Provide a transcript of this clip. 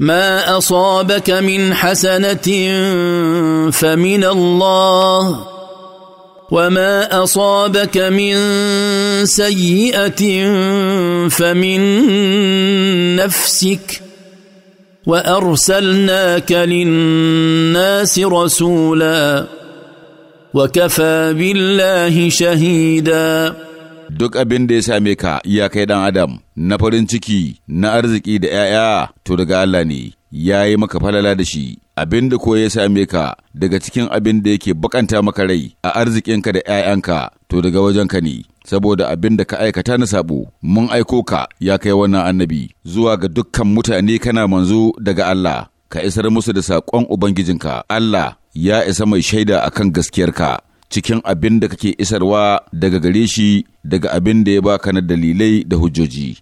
ما اصابك من حسنه فمن الله وما اصابك من سيئه فمن نفسك وارسلناك للناس رسولا وكفى بالله شهيدا duk abin da ya same ka ya kai ɗan adam na farin ciki na arziki da ‘ya'ya to daga Allah ne ya yi maka falala da shi abin da ko ya same ka daga cikin abin da yake bakanta maka rai a arzikinka da ‘ya'yanka to daga wajen ka ne saboda abin da ka aikata na sabo mun aiko ka ya kai wannan annabi zuwa ga dukkan mutane kana manzo daga Allah ka isar musu da saƙon Ubangijinka Allah ya isa mai shaida akan gaskiyarka cikin abin da kake isarwa daga gare shi daga abin da ya baka na dalilai da hujjoji.